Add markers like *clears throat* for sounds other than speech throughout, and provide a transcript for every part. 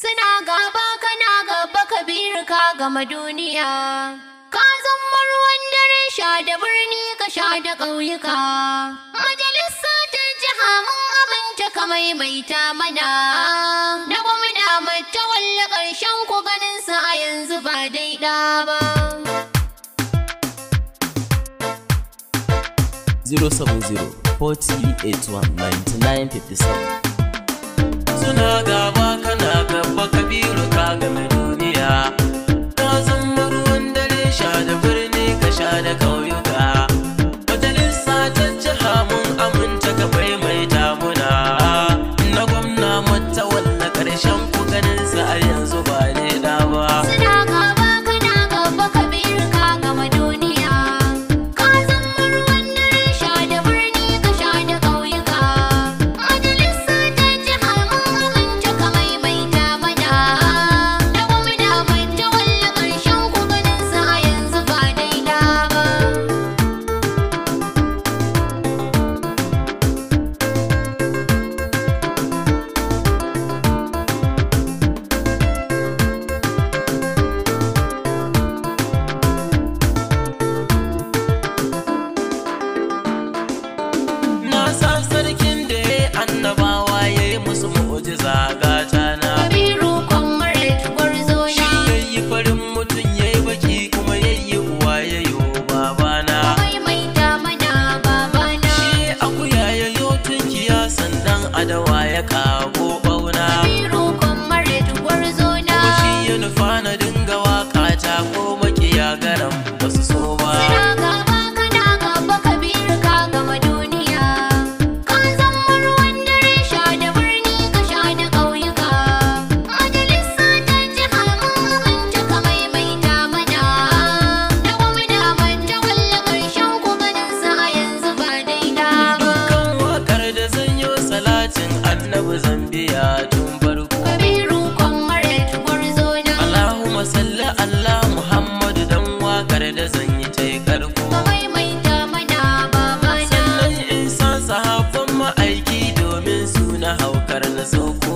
Suna gaba kana gaba Kabiruka ka gama duniya. Ka zama ruwan dare sha da birni ka sha da ƙauyuka. Majalisa ta jiha mun aminta kamai mai ta mana. Da gwamna mata walla ƙarshen ku ganin sa a yanzu ba daida ba. 070 40 81 99 57 suna gaba kana gaba kabiru ka game duniya ta zama ruwan dare sha da birni ka sha da ƙauye so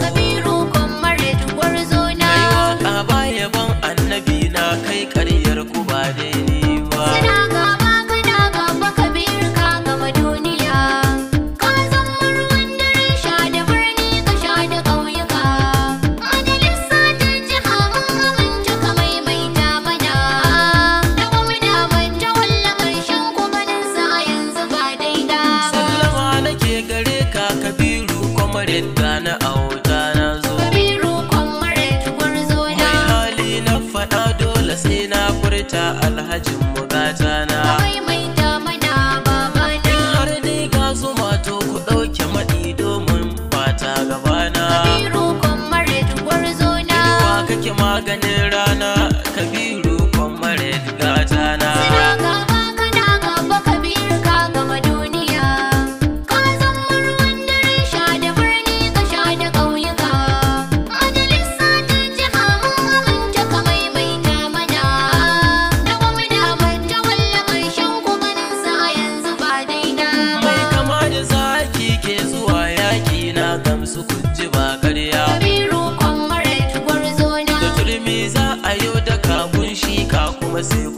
su kunji ba karya. Kabiru kwan mare gwarzo na. Da turmi za a yau da kakun shi ka kuma sai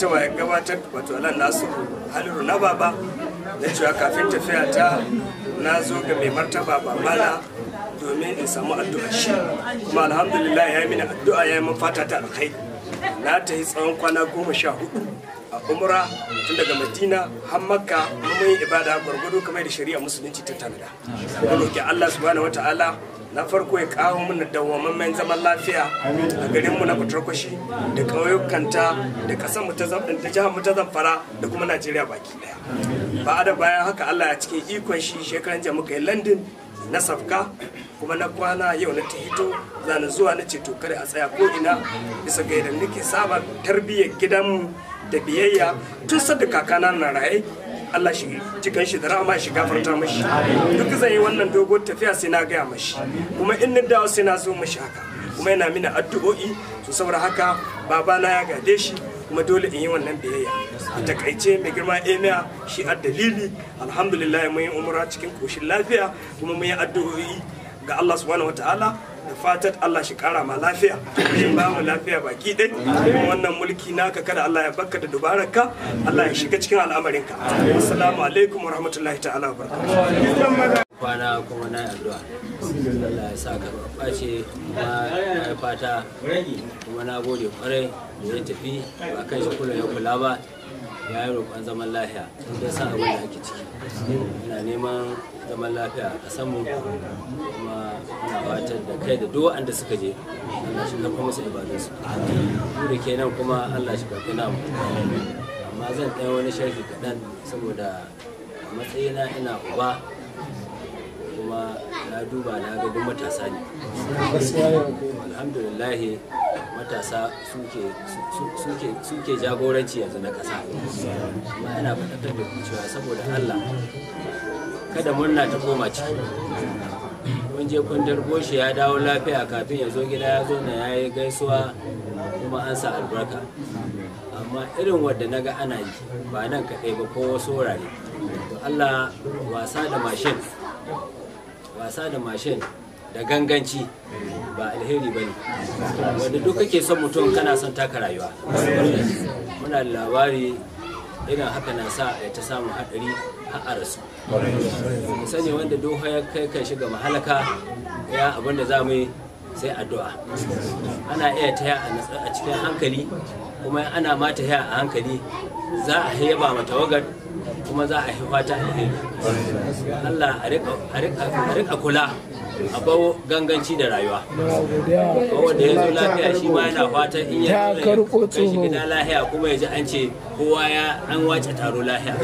ta waye gabatar wato alan nasu haliru na baba da cewa kafin tafiya ta na zo ga mai martaba babana domin in samu addu'a shi kuma alhamdulillah ya yi mini addu'a ya yi min fata ta alkhai na ta yi tsawon kwana goma sha hudu a umra tun daga madina har makka mun yi ibada gwargwado kamar da shari'a musulunci ta tanada roki allah subhanahu ta'ala na farko ya kawo mana dawwamammen zaman lafiya a garinmu na kwatarkwashi da ƙauyukanta da ƙasar mu ta jihar mu ta zamfara da kuma najeriya baki daya ba da bayan haka allah ya cikin ikon shi shekaran jami'a kai london na safka kuma na kwana yau na tahito zana zuwa na ceto kada a tsaya ko ina bisa ga yadda nake saba tarbiyyar gidanmu da biyayya tun sadda kakana na raye Allah shi cikin shi da rahama shi gafarta mashi duk zan yi wannan dogon tafiya sai na gaya mashi kuma in na dawo sai na zo mashi haka kuma yana mini addu'o'i to saboda haka babana ya gade shi kuma dole in yi wannan biyayya a takaice mai girma emia shi a dalili alhamdulillah mun yi umura cikin koshin lafiya kuma mun yi addu'o'i ga Allah subhanahu wataala da fatar Allah shi kara ma lafiya shi ba mu lafiya baki ɗai wannan mulki naka kada Allah ya baka da dubararka Allah ya shiga cikin al'amarinka assalamu alaikum warahmatullahi ta'ala barakatuh kwana kuma na addu'a Allah ya saka ka Face kuma ya fata kuma na gode kwarai da tafi ba kan shi kula ya kula ba ya yi roƙon zaman lafiya ya sa abin da ake ciki ina neman zaman lafiya a samu kuma ina fatan da kai da duk wanda suka je Allah shi karɓa musu ibadunsu da ke kuma Allah shi karɓi namu amma zan ɗaya wani sharhi kaɗan saboda a matsayina ina uba kuma na duba na ga duk matasa ne alhamdulillahi matasa suke jagoranci yanzu na ƙasa amma ina faɗaɗar da cewa saboda Allah kada murna ta koma ciki mun je kundar goshi ya dawo lafiya kafin ya zo gida ya zo na ya yi gaisuwa kuma an sa albarka amma irin wadda na ga ana yi ba nan kaɗai ba ko wasu wurare allah wasa da mashin wasa da mashin da ganganci ba alheri ba ne wanda duk kake son mutum kana son taka rayuwa muna da labari irin haka na sa ya ta samun haɗari a rasu mu sani wanda doha ya kai kan shiga mahalaka ya abin da za mu yi sai addu'a ana iya taya a cikin hankali kuma ana ma taya a hankali za a yaba mata tawagar, kuma za a yi fata alheri Allah a rika kula akwai ganganci da rayuwa wanda ya zo lafiya shi ma yana fatan in ya kai shi gida lahiya kuma ya ji an ce kowa ya an wace taro lahiya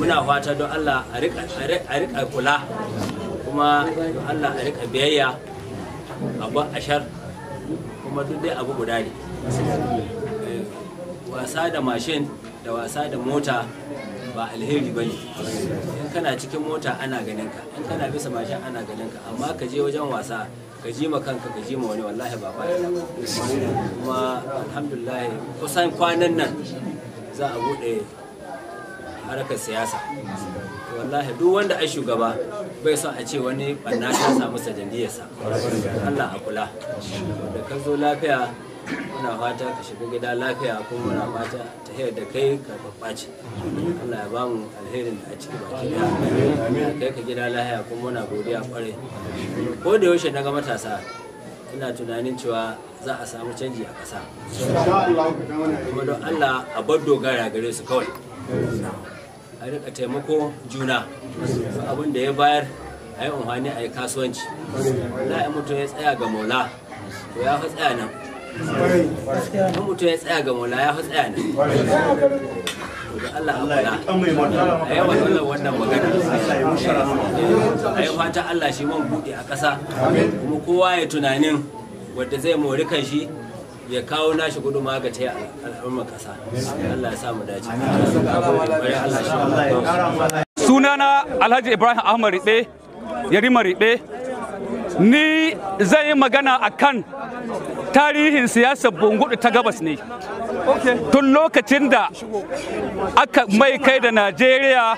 muna fata don Allah a rika kula kuma Allah a rika biyayya abu ashar kuma duk dai abu guda ne eh, wasa da mashin da wasa da mota ba alheri ba ne in kana cikin mota ana ganin ka in kana bisa mashin ana ganin ka amma ka je wajen wasa ka ji ma kanka ka ji ma wani wallahi ba fa'ida kuma alhamdulillah kusan kwanan nan za a bude harkar siyasa wallahi duk wanda a shugaba bai son a ce wani banna ta samu sajandiyarsa Allah a kula da ka zo lafiya muna fata ka shiga gida lafiya kuma muna fata ta hiyar da kai karfafa ce Allah ya bamu alherin a ciki baki daya kai ka gida lafiya kuma muna godiya kwarai ko da yaushe na ga matasa ina tunanin cewa za a samu canji a ƙasa kuma don Allah a bar dogara gare su kawai a rika taimako juna abin da ya bayar a yi amfani a yi kasuwanci Allah ya mutum ya tsaya ga maula ya fi tsaya nan in mutum ya tsaya ga maula ya tsaya ne Allah a yawan wannan wannan magana a yi fata Allah shi man buɗe a ƙasa kuma kowa ya tunanin wadda zai mori kan shi ya kawo nashi gudu ma ga taya al'ummar ƙasa Allah ya samu dace sunana Alhaji Ibrahim Ahmad Ribe Yarima Ribe ni zai yi magana akan tarihin siyasa bungudu ta gabas ne tun lokacin da aka mai kai da najeriya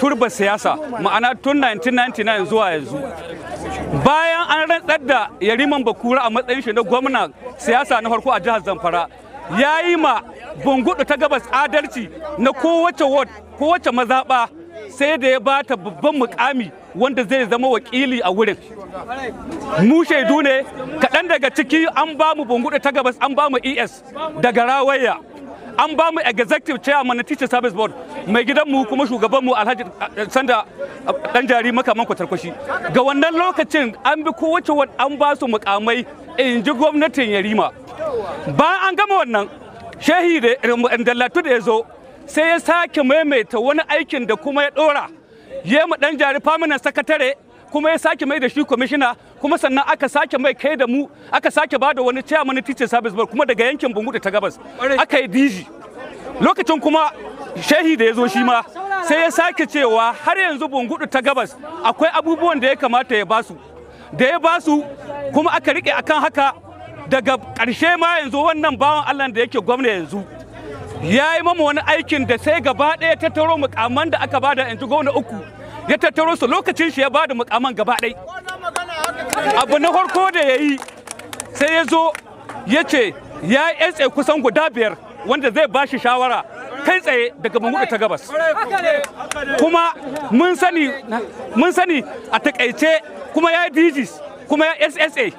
turba siyasa ma'ana tun 1999 zuwa yanzu bayan an rantsar da yariman bakura a matsayin shi na gwamna siyasa na farko a jihar zamfara ya yi ma bungudu ta gabas adalci na kowace ward kowace mazaɓa sai da ya bata babban mukami wanda zai zama wakili a wurin mu shaidu ne kaɗan daga ciki an ba mu bungudu ta gabas an ba mu es daga rawaya an ba mu executive chairman na teacher service board mai gidanmu kuma shugabanmu alhaji eh, sanda dan eh, jari makaman kwatarkwashi ga wannan lokacin an bi kowace an ba su mukamai in ji gwamnatin yarima Ba an gama wannan shehi da eh, dallatu da ya zo sai ya sake maimaita wani aikin da kuma ya dora ya mu dan jari faminan sakatare kuma ya sake mai da shi kwamishina kuma sannan aka sake mai kai da mu aka sake ba da wani chairman teacher service board kuma daga yankin bungudu ta gabas aka yi diji lokacin kuma shehi da ya zo shi ma sai ya sake cewa har yanzu bungudu ta gabas akwai abubuwan da ya kamata ya basu da ya basu kuma aka rike akan haka daga ƙarshe ma yanzu wannan bawan allah da yake gwamna yanzu ya yi mamu wani aikin da sai gaba ɗaya tattaro mukaman da aka bada yanzu gwamna uku ya tattaro su lokacin shi ya bada mukaman gaba ɗai abu na farko da ya yi sai ya zo ya ce ya yi kusan guda biyar wanda zai ba shi shawara kai tsaye daga mangudu ta gabas kuma mun sani a takaice kuma ya yi kuma ya ssa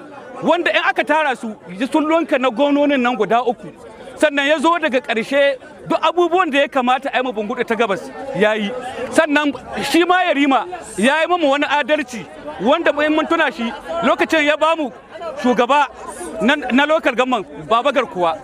wanda in aka tara su sun lonka na gononin nan guda uku sannan ya zo daga ƙarshe duk abubuwan da ya kamata a yi ma bungudu ta gabas ya yi sannan shi ma ya rima ya yi mamu wani adalci wanda mun tuna shi lokacin ya bamu shugaba na lokal gamman babagar kuwa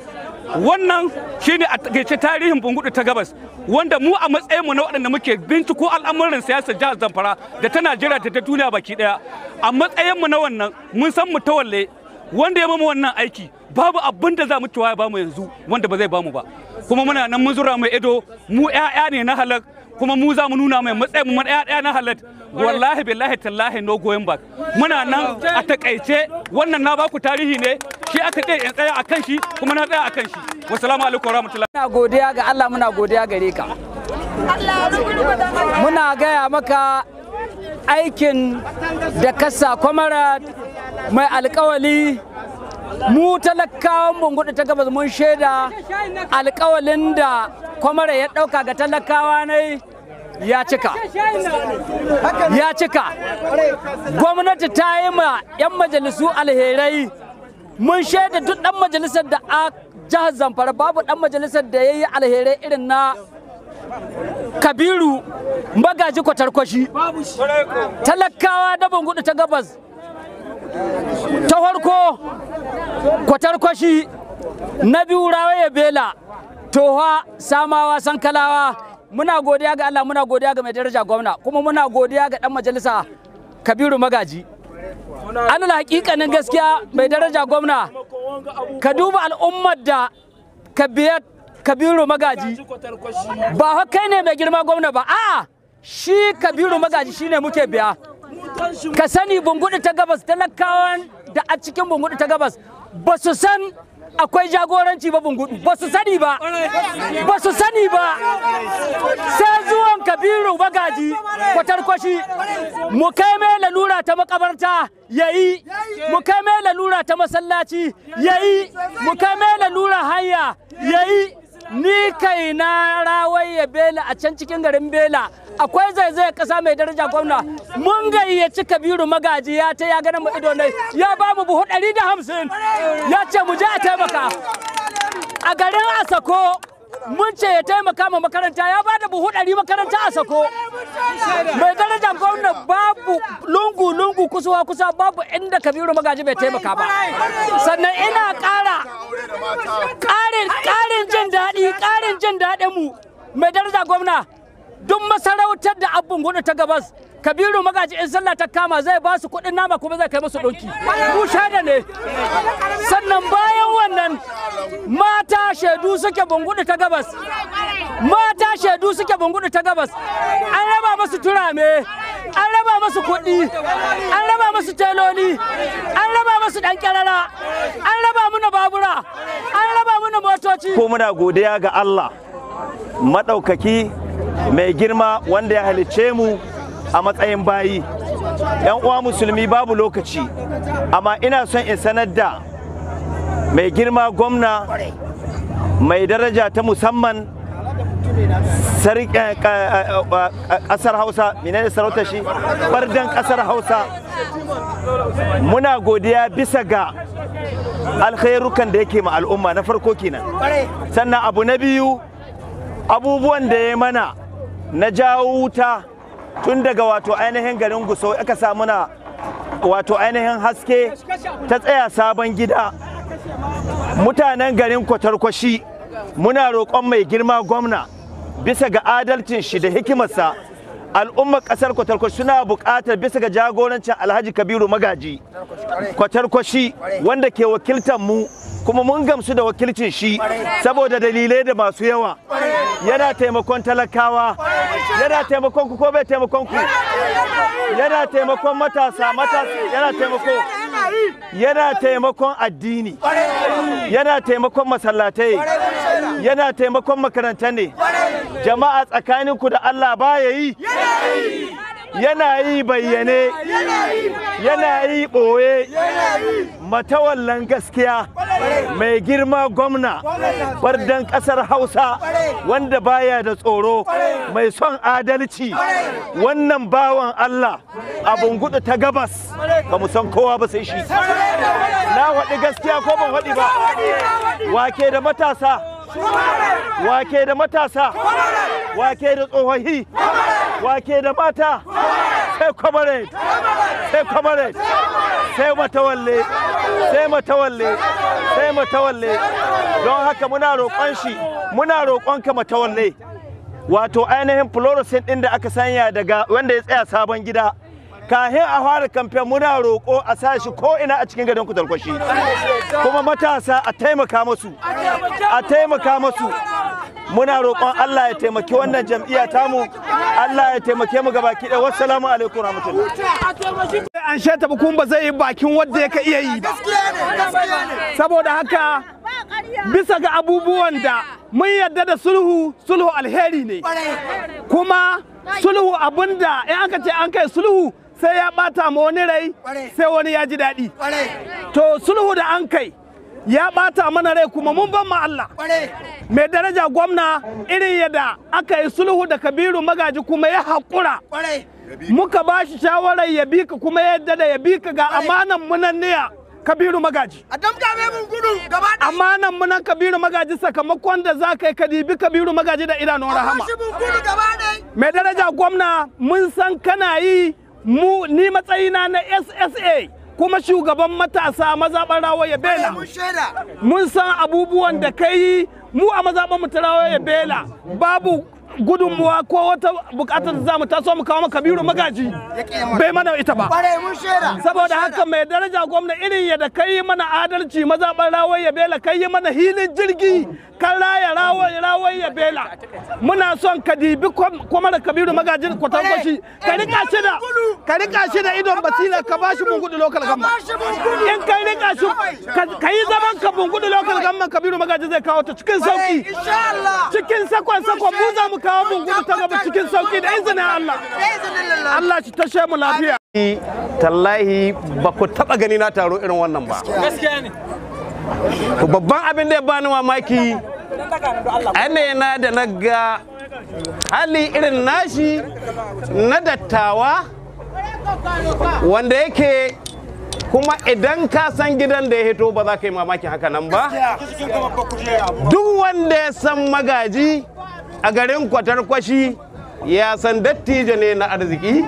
wannan shine a takaice tarihin bungudu ta gabas wanda mu a matsayinmu na waɗanda muke binciko al'amuran siyasar jihar zamfara da ta najeriya da ta duniya baki ɗaya a matsayinmu na wannan mun san mu tawalle wanda ya mamu wannan aiki babu abin da za mu ciwa ya bamu yanzu wanda ba zai bamu ba kuma muna nan mun zura mai ido mu ƴaƴa ne na halak kuma mu za mu nuna mai matsayin mu ƴaƴa na halak wallahi billahi tallahi no going back muna nan a takaice wannan na baku tarihi ne shi aka ce in tsaya akan shi kuma na tsaya akan shi salamu alaikum warahmatullahi muna godiya ga Allah muna godiya gare ka muna gaya maka aikin da kasa kwamarat mai alkawali mu talakawan bungudu ta gabas mun shaida alkawalin da kwamara ya ɗauka ga talakawa ne ya cika ya cika gwamnati ta yi ma 'yan majalisu alherai mun shaida duk dan majalisar da a jihar zamfara babu dan majalisar da ya yi alherai irin na kabiru magaji kwatarkwashi talakawa da bungudu ta gabas ta farko shi na biyu ya bela toha samawa sankalawa muna godiya ga Allah muna godiya ga mai daraja gwamna kuma muna godiya ga dan majalisa Kabiru Magaji an hakikanin gaskiya mai daraja gwamna ka duba al'ummar da Kabiru Magaji ba kai ne mai girma gwamna ba a'a shi Kabiru Magaji shine muke biya ka sani bungudu ta gabas talakawan da a cikin bungudu ta gabas ba su san akwai jagoranci ba bungudu ba su sani ba ba su sani ba sai zuwan kabiru bagaji kwatarkwashi mu kai mai lalura ta makabarta yayi mu kai mai lalura ta masallaci yayi mu kai mai lalura hanya yayi ni kai na ya bela a can cikin garin bela akwai zaizayar kasa mai daraja gwamna mun gayyaci kabiru magaji ya ta ya gana mu ido ne ya ba mu buhu 150 ya ce mu je a taimaka a garin asako mun ce ya taimaka ma makaranta ya ba da buhu ɗari makaranta a sako mai darajar gwamna babu lungu lungu kusuwa kusa babu inda kabiru magaji bai taimaka ba sannan ina ƙara ƙarin jin daɗi ƙarin jin daɗin mu mai daraja gwamna duk masarautar da abin gudu ta gabas kabiru magaji in sallah ta kama zai ba su kuɗin nama kuma zai kai musu ɗauki ku da ne sannan bayan wannan mata shaidu suke bungudu ta gabas mata shaidu suke bungudu ta gabas an raba musu turame an raba musu kuɗi an raba musu teloli an raba musu ɗan ƙyarara an raba muna babura an raba muna motoci ko muna godiya ga Allah maɗaukaki mai girma wanda ya halicce mu a matsayin bayi yan uwa musulmi babu lokaci amma ina son in sanar da mai girma gwamna mai daraja ta musamman eh, eh, eh, ƙasar hausa da sarauta shi bardan ƙasar hausa muna godiya bisa ga alkhairukan da yake ma al'umma na farko kenan sannan abu na biyu abubuwan da ya mana na jawo wuta tun daga wato ainihin garin guso aka samu na wato ainihin haske ta tsaya sabon gida mutanen garin kwatarkwashi muna roƙon mai girma gwamna bisa ga adalcin shi da hikimarsa al'ummar ƙasar kwatarkwashi suna buƙatar bisa ga jagorancin alhaji kabiru magaji kwatarkwashi wanda ke wakiltar mu kuma mun gamsu da wakilcin shi saboda dalilai da masu yawa yana taimakon talakawa yana taimakon ku ko bai taimakon ku yana taimakon matasa matasa yana taimako yana taimakon addini yana taimakon masallatai yana taimakon makarantar ne jama'a tsakaninku da Allah ba ya yi yana yi bayyane yana yi ɓoye matawallan gaskiya mai girma gwamna bardan ƙasar hausa wanda baya da tsoro mai son adalci wannan bawan allah abun gudu ta gabas ba mu san kowa ba sai shi na waɗi gaskiya ko ban waɗi ba wake da matasa wake da matasa wake da tsohahi wake da mata sai kwamare sai kwamare sai matawalle sai matawalle sai matawalle don haka muna roƙon shi muna roƙonka matawalle wato ainihin fluorescent ɗin da aka sanya daga wanda ya tsaya sabon gida kahin a fara kamfe muna roƙo a sashi ko ina a cikin gadon kutalkwashi kuma matasa a taimaka musu a taimaka musu muna roƙon Allah ya taimaki wannan jam'iyya tamu Allah ya taimake mu gabaki wasu wassalamu alaikum rahmatullahi an shata bukun ba zai yi bakin wanda ya ka iya yi ba saboda haka bisa ga abubuwan da mun yarda da sulhu sulhu alheri ne kuma sulhu abinda in aka ce an kai sulhu sai ya bata ma wani rai sai wani ya ji daɗi to sulhu da an kai ya bata mana rai kuma mun ban ma Allah mai daraja gwamna irin yadda aka yi sulhu da kabiru magaji kuma ya haƙura muka ba shi shawarar ya bi ka kuma yadda da ya bi ka ga amanan niya kabiru magaji amanan munan kabiru magaji sakamakon da za ka yi kadi bi kabiru magaji da idanun rahama mai daraja gwamna mun san kana yi mu ni matsayina na ssa kuma shugaban matasa mazaɓar rawaya bela mun san abubuwan da ka yi mu a mazaɓar mu ta rawaya bela babu gudunmuwa ko wata bukatar da zamu taso mu kawo kabiru magaji bai mana ita ba saboda haka mai daraja gwamna irin ya da kai mana adalci mazaɓar rawar ya bela kai yi mana hilin jirgi kan raya rawar ya bela muna son ka dibi kuma da kabiru magajin kwatankwashi ka rika shi da ka rika shi da idon basira ka bashi bungudu lokal gamma in ka rika shi ka yi zaman ka bungudu lokal gamma kabiru magajin zai kawo ta cikin sauki cikin sakon sakon mu za mu kawo mun gudu ta gaba cikin sauki da izini Allah Allah shi she mu lafiya tallahi ba ku taba gani na taro irin wannan ba babban abin da ya bani mamaki yana da na ga hali irin nashi na dattawa wanda yake kuma idan ka san gidan da ya hito ba za ka yi mamakin haka nan ba duk wanda ya san magaji a garin kwatar kwashi, ya san dattijo ne na arziki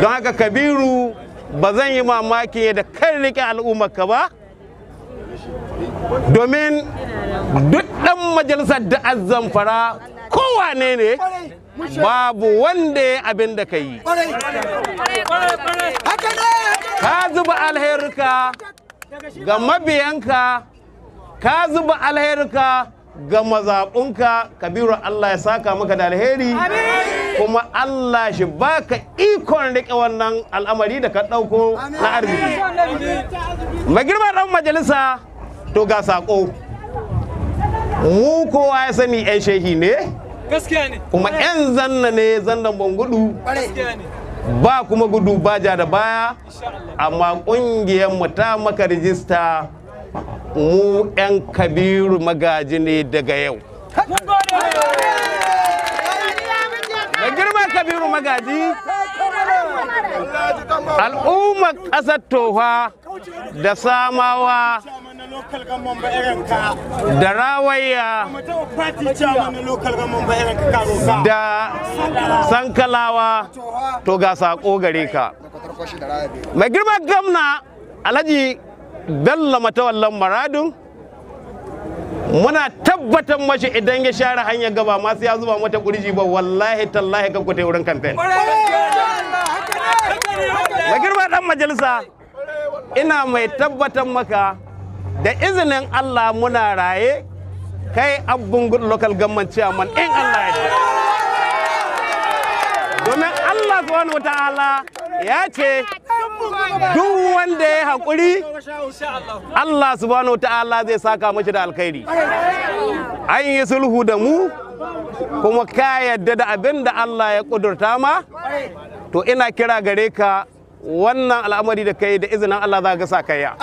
don haka kabiru ba zan yi mamaki da kan rike al'ummarka ba domin duk ɗan majalisar da azzan fara kowane ne babu wanda ya abin da ka yi ka zuba alherika ga mabiyanka ka zuba alherika ga mazaɓunka kabiru Allah ya saka maka da alheri kuma Allah shi baka ikon riƙe wannan al'amari da ka ɗauko na arziki mai girma ɗan majalisa to ga saƙo mu kowa ya sani 'yan shehi ne kuma 'yan zanna ne zannan bangudu ba kuma gudu ba ja da baya amma ƙungiyar mu ta maka rijista mu 'yan kabiru magaji ne daga yau da girma kabiru magaji al'ummar ƙasar tofa da samawa da rawaya da sankalawa to ga saƙo gare ka mai girma gamna alhaji dalla matawallan maradun muna tabbatar mashi idan ya share hanyar gaba masu ya zuba mata kurji ba wallahi tallahi ka kuta wurin kamfen da girma dan majalisa ina mai tabbatar maka da izinin Allah muna raye kai abun good local government chairman in Allah ya domin Allah subhanahu ya ce duk wanda ya haƙuri Allah subhanahu ta'ala zai saka mashi da alkhairi an yi sulhu da mu kuma ka yadda da abin da Allah ya ƙudurta ma to ina kira gare ka wannan al'amari da kai da izinin Allah za ga sa ya.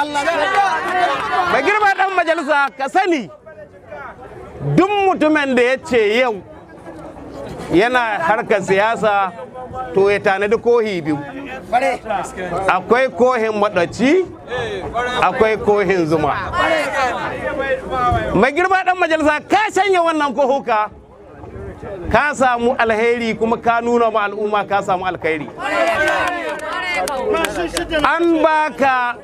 mai girma dan majalisa ka sani duk mutumin da ya ce yau yana harkar siyasa to ya tanadi kohi biyu akwai kohin maɗaci akwai kohin zuma mai girma ɗan majalisa ka shanya wannan kohuka ka samu alheri kuma ka nuna ma al'umma ka samu alkhairi an baka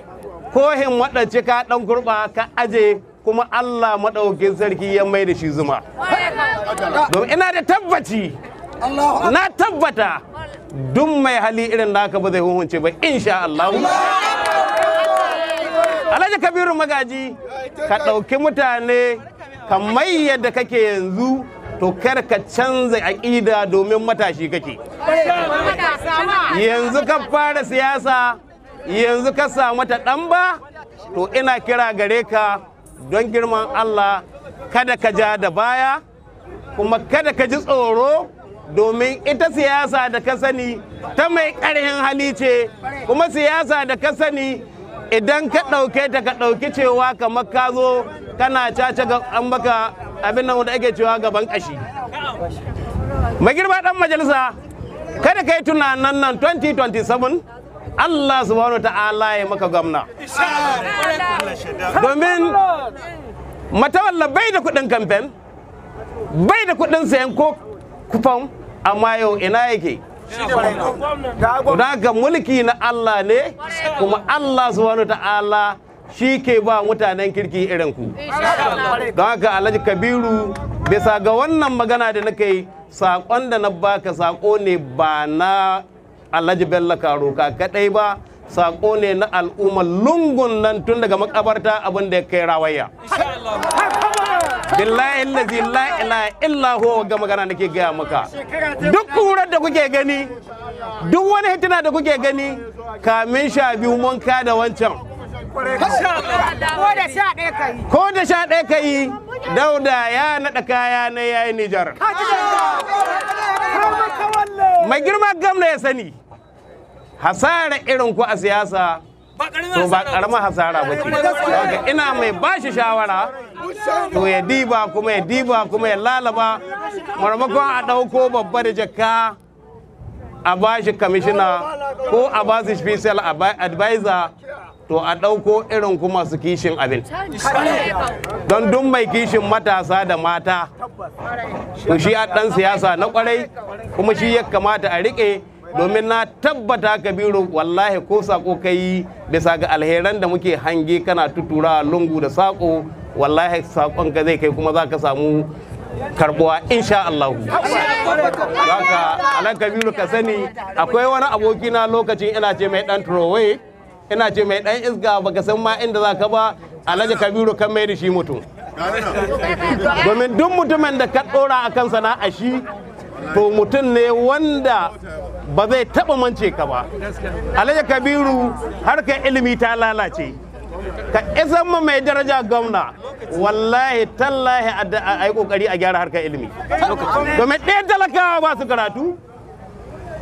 kohin maɗaci ka ɗan kurɓa ka aje kuma Allah maɗaukin sarki ya mai da shi zuma. Domin ina da tabbaci, na tabbata duk mai hali irin da naka ba zai huhunce ba insha Allah Alhaji Kabiru magaji ka ɗauki mutane ka kamar yadda kake yanzu to kar ka canza aƙida domin matashi kake yanzu ka fara siyasa yanzu ka samu ta ɗan ba to ina kira gare ka don girman Allah kada ka ja da baya kuma kada ka ji tsoro domin ita siyasa da ka sani ta mai ƙarhin hali ce kuma siyasa da ka sani idan ka ɗauke ta ka ɗauki cewa kamar ka zo kana caca ga an baka abin nan da ake cewa gaban ƙashi magirba ɗan majalisa kada ka yi tunanan nan 2027 Allah subhanahu ta'ala ya maka gwamna domin matawalla bai da kuɗin kamfen bai da kuɗin sayan ko kufan amma yau ina yake da mulki na Allah ne kuma Allah subhanahu ta'ala shi ke ba mutanen kirki irin ku daga alhaji kabiru bisa ga wannan magana da nake sakon saƙon da na baka saƙo ne ba na alhaji bello karuka kaɗai ba saƙo ne na al'umma lungun nan tun daga makabarta abin da ya kai rawaya billahi allazi la ilaha illa huwa ga magana nake gaya maka duk kurar da kuke gani duk wani hitina da kuke gani kamin sha biyu mun ka da wancan ko da sha ɗaya ka yi dauda ya naɗa kaya na yayi nijar mai girma gamna ya sani hasara irin ku a siyasa to ba karamar hasara ba ce ina mai bashi shawara to ya diba kuma ya diba kuma ya lalaba marmakon a ɗauko babbar jaka a bashi kamishina ko a bashi special advisor to a ɗauko irin kuma su kishin abin don duk mai kishin matasa da mata to shi a ɗan siyasa na kwarai kuma shi ya kamata a riƙe domin na tabbata kabiru wallahi ko sako kai bisa ga alheran da muke hange kana tutura lungu da sako wallahi sakon ka zai kai kuma za ka samu karbuwa insha Allah. Haka alan kabiru ka sani akwai wani aboki na lokacin ina ce mai dan trowe ina ce mai dan isga baka san ma inda za ka ba alaji kabiru kan mai da shi mutum. Domin duk mutumin da ka ɗora a kan sana'a shi to mutum ne wanda ba zai taba mance ka ba alhaji kabiru harkar ilimi ta lalace ka isan ma mai daraja gwamna wallahi tallahi a yi kokari a gyara harkar ilimi domin ɗaya talakawa ba su karatu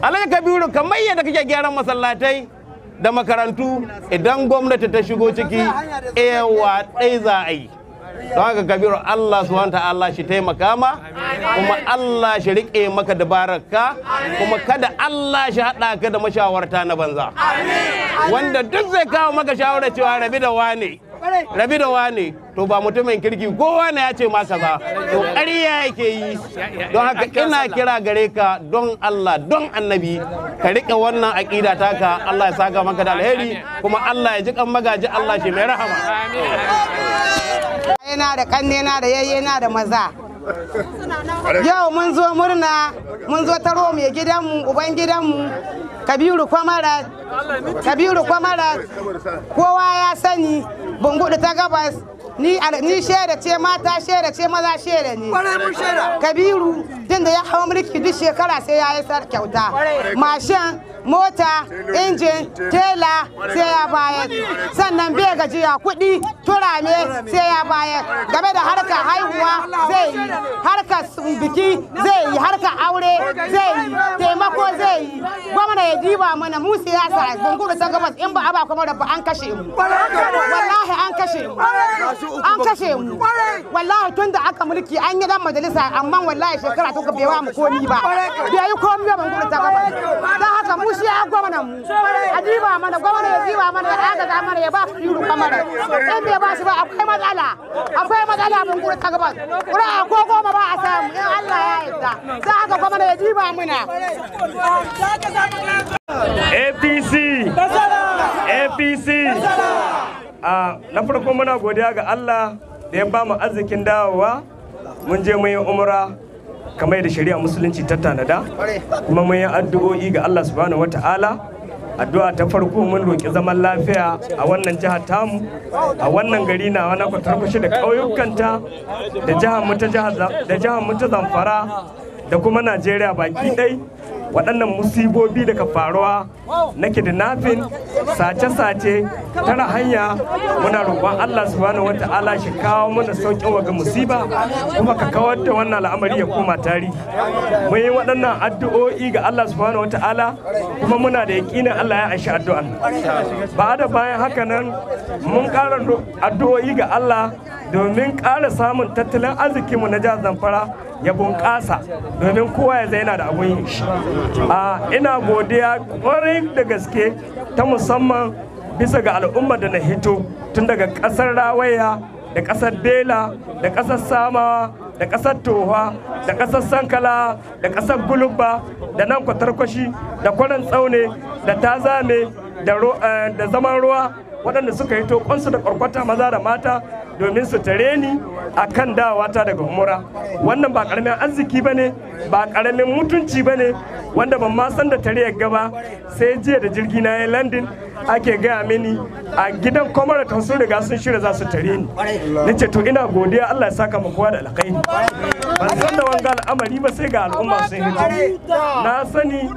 alhaji kabiru kamar yadda kake gyaran masallatai da makarantu idan gwamnati ta shigo ciki ewa eh, ɗai za a yi don haka kabiru Allah subhanahu Allah shi taimaka ma kuma Allah shi riƙe maka dabararka kuma kada Allah shi haɗaka ka da mashawarta na banza wanda duk zai kawo maka shawarar cewa rabi da wane rabi da wane to ba mutumin kirki ko wane ya ce masa ba to ƙarya yake yi don haka ina kira gare ka don Allah don annabi ka riƙe wannan aƙida taka Allah ya saka maka da alheri kuma Allah ya ji kan magaji Allah shi mai rahama yana da kanne na da yayyena da maza yau mun zo murna mun zo taro mai gidanmu uban gidanmu kabiru kwamara kabiru kwamara kowa ya sani bungudu ta gabas ni ni shaida ce mata shaida ce maza shaida ne kabiru tunda ya hawo mulki duk shekara sai ya yi kyauta mashin mota injin tela sai ya bayar sannan bai gajiya kuɗi turame sai ya bayar game da harka haihuwa zai yi harka biki zai yi harka aure zai yi taimako zai yi gwamna ya diba mana mu siyasa gunguru ta gabas in ba a ba kuma da an kashe mu wallahi an kashe mu an kashe mu wallahi tun da aka mulki an yi dan majalisa amma wallahi shekara ta bai wa mu komi ba bai yi komi ba gunguru san gabas dan haka mu shi ya mu a diba mana gwamnan ya diba mana ya agaza mana ya ba su bai ba ba akwai matsala akwai matsala mun gura ta ko goma ba a samu in Allah ya yarda sai na farko muna godiya ga Allah da ya ba mu arzikin dawowa mun je mun yi umra kamar da shari'a musulunci ta tanada kuma mun yi addu'o'i ga Allah subhanahu wata'ala addu'a ta farko mun roƙi zaman lafiya a wannan jihar tamu a wannan gari na wani kwatarkwashi da ƙauyukanta da jihar mu ta zamfara da kuma najeriya baki ɗai waɗannan musibobi da daga faruwa na kidnapping sace-sace tara hanya muna roƙon Allah subhanahu wata'ala shi kawo mana sauƙin waga musiba kuma ka kawar da wannan al'amari ya koma tarihi mun yi waɗannan addu'o'i ga Allah subhanahu wata'ala kuma muna da yaƙinin Allah ya aishi addu'an ba da bayan haka nan mun ƙara addu'o'i ga Allah domin ƙara samun tattalin arzikinmu na jihar zamfara ya bunƙasa domin kowa ya zaina da abun yi a ina godiya ƙwarai da gaske ta musamman bisa ga al'umma da na hito tun daga ƙasar rawaya da ƙasar bela da ƙasar samawa da ƙasar toha da ƙasar sankala da ƙasar gulubba da nan kwatarkwashi da kwanan tsaune da tazame eh, da zaman ruwa waɗanda suka hito kwansu da ƙwarƙwata maza da mata domin su tare ni a kan dawata daga umura wannan ba karamin arziki ba ne ba karamin mutunci ba ne wanda ban ma san da tare gaba sai jiya da jirgi na ya landin ake gaya mini a gidan da sun riga sun shirya za su tare ni na ce to ina godiya allah ya saka mu kowa da alkhairi ban san da wanga al'amari ba sai ga al'umma sun hito na sani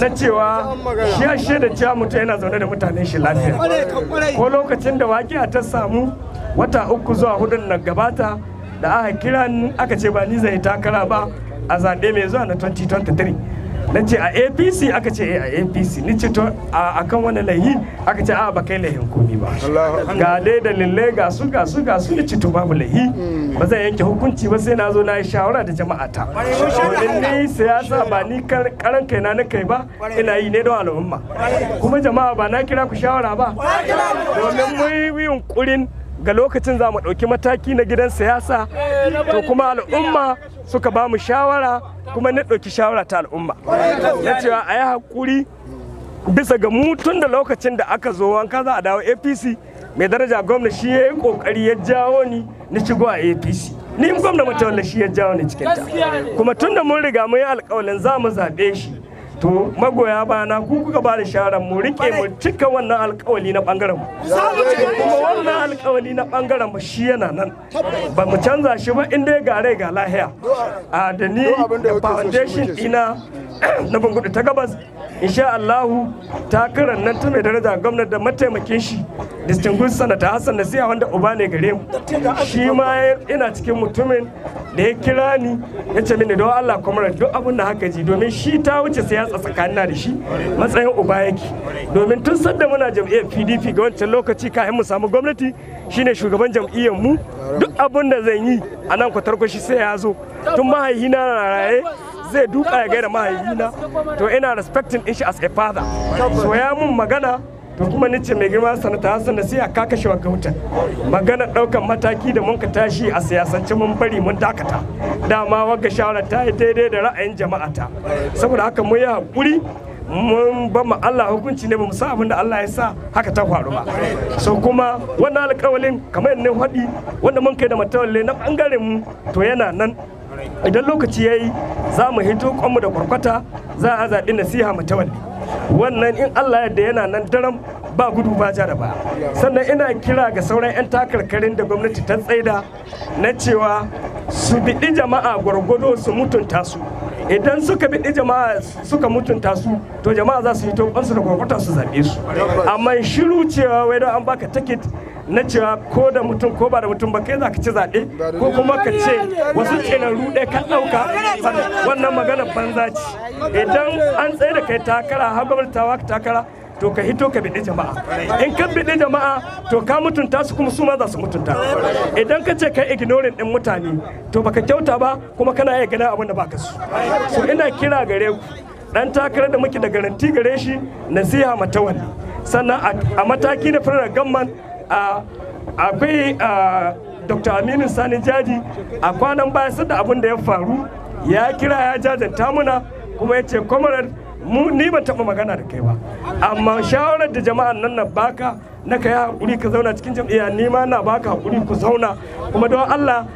na cewa shi a shi da cewa mutum yana zaune da mutanen shi lafiya ko lokacin da a ta samu wata uku uku zuwa hudu na gabata da aka kira ni aka ce ba ni zai takara ba a zaɓe mai zuwa na 2023 na ce a apc aka ce eh, a apc ni ce to a kan wani laihi aka ce a ba kai laihin komi ba ga dai lille ga su ga su ga su ni ce to babu laihi ba zai yanke hukunci ba sai na zo na yi shawara da jama'a ta domin ni siyasa ba ni karan kai na kai ba ina yi ne don al'umma kuma jama'a ba na kira ku shawara ba domin muyi yi yunkurin ga lokacin za mu ɗauki mataki na gidan siyasa to kuma al'umma suka ba mu shawara kuma na ɗauki shawara ta al'umma na cewa a yi haƙuri bisa ga mutun da lokacin da aka zo wanka za a dawo apc mai daraja gwamna shi ya yi ƙoƙari ya jawo ni na shigo a apc ni gwamna mata wanda shi ya jawo ni cikin ta kuma tun da mun riga mun yi alƙawalin za mu zaɓe shi to magoya bana ku kuka ba da sharan mu rike mu cika wannan alkawali na bangaren mu kuma wannan alkawali na bangaren mu shi yana nan ba mu canza shi ba inda ga rai ga lahiya a da ni foundation ina *clears throat* na bangudu ta gabas insha Allahu takarar nan ta mai daraja gwamnati da mataimakin shi distinguished sanata hassan nasiha wanda uba ne gare mu shi ma ina cikin mutumin da ya kira ni ya ce mini don allah kwamara duk abin da haka ji domin shi ta wuce siyasa tsakanina da shi matsayin uba yake domin tun sanda muna jam'iyyar pdp ga wancan lokaci kayan mu samu gwamnati shine shugaban jam'iyyar mu duk abin da zan yi a nan kwatarkwashi sai ya zo tun mahaihina na raye zai duka ya gaida mahaihina to ina respecting ishi as a father so ya mun magana to kuma ni ce mai girma sanata hassan da sai a kaka shi gautan magana daukan mataki da mun ka tashi a siyasance mun bari mun dakata dama wagga shawara ta yi daidai da ra'ayin jama'a ta saboda haka mun yi hakuri mun ba mu Allah hukunci ne ba mu sa abin da Allah ya sa haka ta faru ba so kuma wannan alƙawalin kamar yadda faɗi wanda mun kai da matawalle na bangaren mu to yana nan idan lokaci yayi za mu hito kwanmu da kwarkwata za a zaɓi nasiha matawalle wannan in Allah yadda yana nan daram ba gudu ba ja da ba sannan ina kira ga sauran 'yan takarkarin da gwamnati ta tsaida na cewa su biɗi jama'a gwargwado su mutunta su idan suka biɗi jama'a suka mutunta su to jama'a za su yi su da gwargwata su zaɓe su amma shiru cewa wai don an baka ticket na cewa ko da mutum ko ba da mutum ba kai za ka ci zaɓe ko kuma ka ce wasu ƙirarru ɗaya ka ɗauka wannan magana banza ce idan an tsaye kai takara har gwamnati ta takara to ka hito ka biɗi jama'a in ka biɗi jama'a to ka mutunta su kuma su ma za su mutunta idan ka ce ka ignoring din mutane to baka kyauta ba kuma kana iya ganin abin da baka su so ina kira gare ku dan takarar da muke da garanti gare shi nasiha wani sannan a mataki na fara gamman akwai dr aminu sani jaji a kwanan baya sadda abin da ya faru ya kira ya jajanta muna kuma ya ce comrade mu ni ban taɓa magana da kai ba amma shawarar da jama'an nan na baka na ka yi hakuri ka zauna cikin jam'iyya ni ma na baka hakuri ku zauna kuma don Allah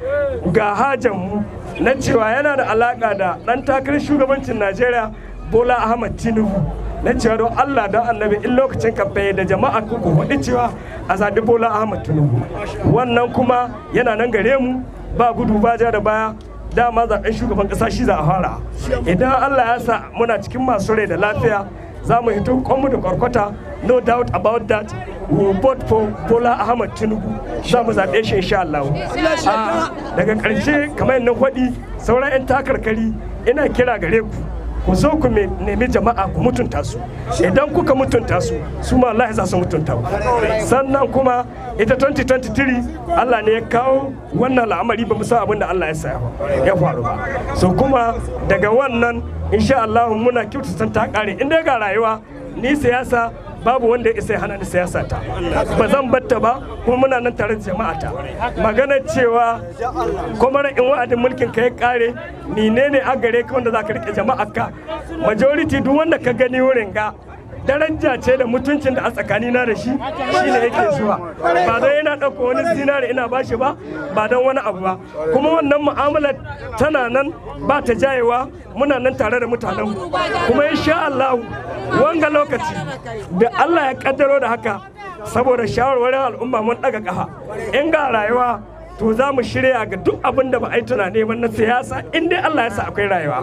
ga hajan mu na cewa yana da alaka da ɗan takarar shugabancin Najeriya Bola Ahmad Tinubu na cewa don Allah don annabi in lokacin kamfe da jama'a ku faɗi cewa a zaɓi Bola Ahmad Tinubu wannan kuma yana nan gare mu ba gudu ba ja da baya dama zaben shugaban kasa shi za a fara idan allah ya sa muna cikin masu rai da lafiya za mu hito kwanmu da kwarkwata no doubt about that we vote for bola ahmad tinubu za mu zaɓe shi insha allah ah, daga ƙarshe kamar yadda faɗi sauran 'yan takarkari ina kira gare ku ku zo ku nemi jama'a ku mutunta su idan kuka mutunta su su ma Allah za su mutunta ku sannan kuma ita 2023 Allah ne ya kawo wannan al'amari ba mu san abin da Allah ya saya ya faru ba so kuma daga wannan insha Allah muna kyautata ta kare inda ga rayuwa ni siyasa babu wanda ya isa ya hana ni siyasa ta ba zan batta ba kuma muna nan tare da jama'a ta magana cewa kuma in wa'adin mulkin ka ya kare ni ne ne a gare ka wanda za ka rike jama'a ka majority duk wanda ka gani wurin ga daraja ce da mutuncin da a na da shi shi ne yake zuwa ba don yana ɗauka wani zinari ina bashi ba ba don wani abu ba kuma wannan mu'amalar tana nan ba ta jayewa muna nan tare da mutanen kuma insha Allah wanga lokaci da Allah ya kaddaro da haka saboda shawarwarin al'umma mun daga kafa in ga rayuwa to za mu shirya ga duk abin da ba a yi tunani ba na siyasa in dai Allah ya sa akwai rayuwa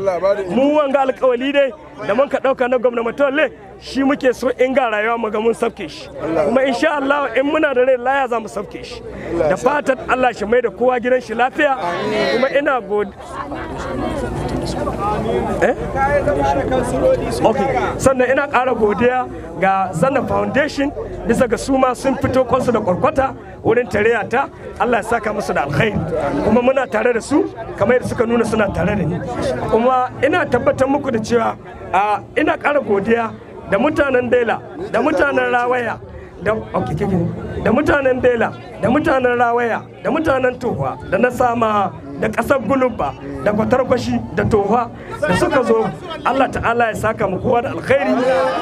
mu wanga alkawali dai da mun ka dauka na gwamnati shi muke so in ga rayuwa mu ga mun sauke shi kuma insha Allah in muna da rai laya za mu sauke shi da fatan Allah shi mai da kowa gidan shi lafiya kuma ina gode eh? Okay. sannan ina ƙara godiya ga zanna foundation bisa ga su ma sun fito kansu da kwarkwata wurin tarayya ta allah ya saka musu da alkhairi kuma muna tare da su kamar yadda suka nuna suna tare da ni kuma ina tabbatar muku da cewa ina ƙara godiya da mutanen dela da mutanen rawaya da mutanen dela da mutanen rawaya da mutanen tohuwa da na sama da ƙasar gulubba da kwatarkwashi da tohuwa da suka zo allah ta'ala ya saka mu kowa da alkhairi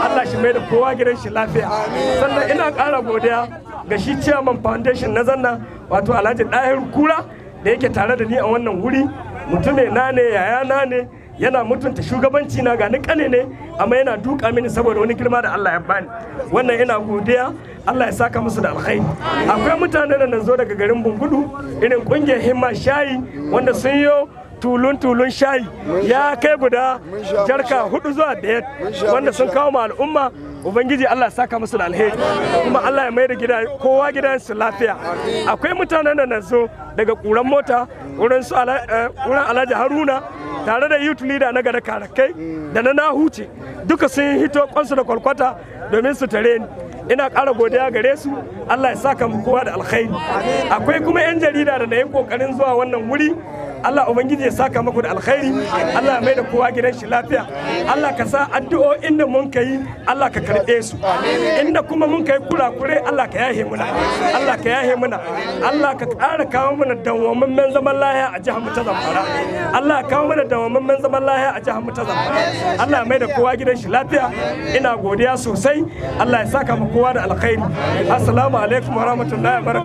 allah shi mai da kowa gidan shi lafiya sannan ina ƙara godiya ga shi chairman foundation na zanna wato alhaji ɗahir kura da yake tare da ni a wannan wuri mutume na ne yaya na ne yana mutunta shugabanci na gani kane ne amma yana duka mini saboda wani girma da Allah ya bani wannan ina godiya Allah ya saka musu da alkhairi akwai mutane da na zo daga garin Bungudu irin kungiyar himma shayi wanda sun yo tulun-tulun shayi ya kai guda jarka hudu zuwa biyar wanda sun kawo ma al'umma ubangiji Allah ya saka musu da alheri kuma Allah ya mai da gida kowa gidansu lafiya akwai mutanen da na zo daga kuran mota wurin su eh, wurin alhaji haruna tare da youth leader na gada karakai da na nahuce duka sun hito kwansu da kwalkwata domin su tare ni ina ƙara godiya gare su allah ya sa mu kowa da alkhairi akwai kuma 'yan jarida da na yi ƙoƙarin zuwa wannan wuri Allah ubangiji ya saka muku da alkhairi Allah ya maida kowa gidan shi lafiya Allah ka sa addu'o'in da mun kai Allah ka karbe su inda kuma mun kai kurakure Allah ka yahe muna Allah ka yahe muna Allah ka ƙara kawo mana dawwammamen zaman lahiya a jihar mu ta Zamfara Allah ya kawo mana dawwammamen zaman lahiya a jihar mu ta Zamfara Allah ya maida kowa gidan shi lafiya ina godiya sosai Allah ya saka muku kowa da alkhairi assalamu alaikum wa rahmatullahi wa